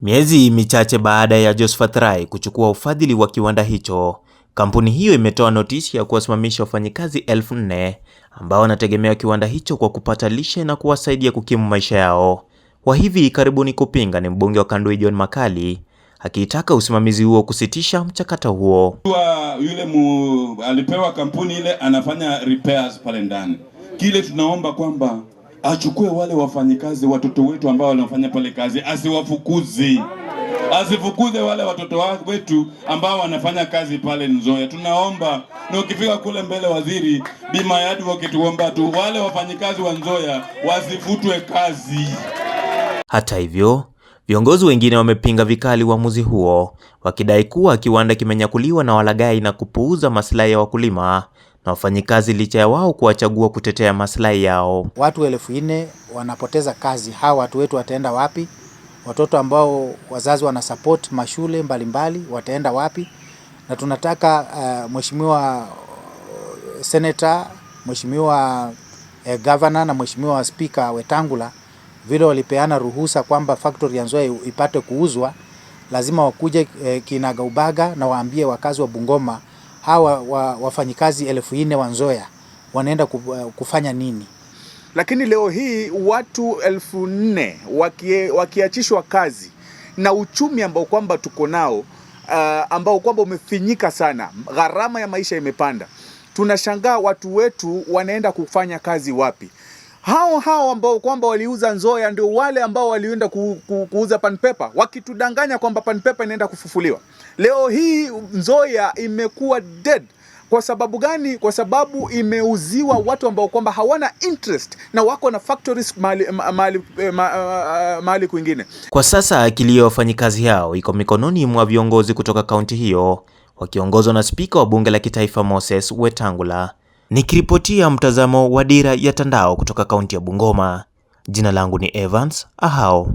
Miezi michache baada ya Josephat Rai kuchukua ufadhili wa kiwanda hicho, kampuni hiyo imetoa notisi ya kuwasimamisha wafanyikazi elfu nne ambao wanategemea kiwanda hicho kwa kupata lishe na kuwasaidia kukimu maisha yao. Wa hivi karibuni kupinga ni mbunge wa Kandui John Makali akiitaka usimamizi huo kusitisha mchakato huo. Yule mu, alipewa kampuni ile anafanya repairs pale ndani, kile tunaomba kwamba achukue wale wafanyikazi watoto wetu ambao wanafanya pale kazi, asiwafukuze asifukuze wale watoto wetu ambao wanafanya kazi pale Nzoia. Tunaomba na ukifika kule mbele, waziri bima ya advocate, tuomba tu wale wafanyikazi wa Nzoia wasifutwe kazi. Hata hivyo, viongozi wengine wamepinga vikali uamuzi wa huo, wakidai kuwa kiwanda kimenyakuliwa na walagai na kupuuza maslahi ya wakulima na wafanyikazi licha ya wao kuwachagua kutetea maslahi yao. Watu elfu nne wanapoteza kazi, hawa watu wetu wataenda wapi? Watoto ambao wazazi wanasapoti mashule mbalimbali wataenda wapi? Na tunataka uh, mheshimiwa eh, senator, mheshimiwa uh, governor na mheshimiwa spika Wetangula vile walipeana ruhusa kwamba factory ya Nzoia ipate kuuzwa, lazima wakuje eh, kinagaubaga na waambie wakazi wa Bungoma hawa wa, wafanyikazi elfu nne wa Nzoia wanaenda uh, kufanya nini? Lakini leo hii watu elfu nne wakiachishwa kazi na uchumi ambao kwamba tuko nao uh, ambao kwamba umefinyika sana, gharama ya maisha imepanda, tunashangaa watu wetu wanaenda kufanya kazi wapi? hao hao ambao kwamba waliuza Nzoya ndio wale ambao walienda ku, ku, kuuza Panpepa wakitudanganya kwamba Panpepa inaenda kufufuliwa. Leo hii Nzoya imekuwa dead. Kwa sababu gani? Kwa sababu imeuziwa watu ambao kwamba hawana interest na wako na factories mahali ma, eh, ma, eh, eh, kwingine. Kwa sasa akili ya wafanyikazi hao iko mikononi mwa viongozi kutoka kaunti hiyo wakiongozwa na spika wa bunge la kitaifa Moses Wetangula. Nikiripotia mtazamo wa Dira ya Tandao kutoka kaunti ya Bungoma, jina langu ni Evans Ahao.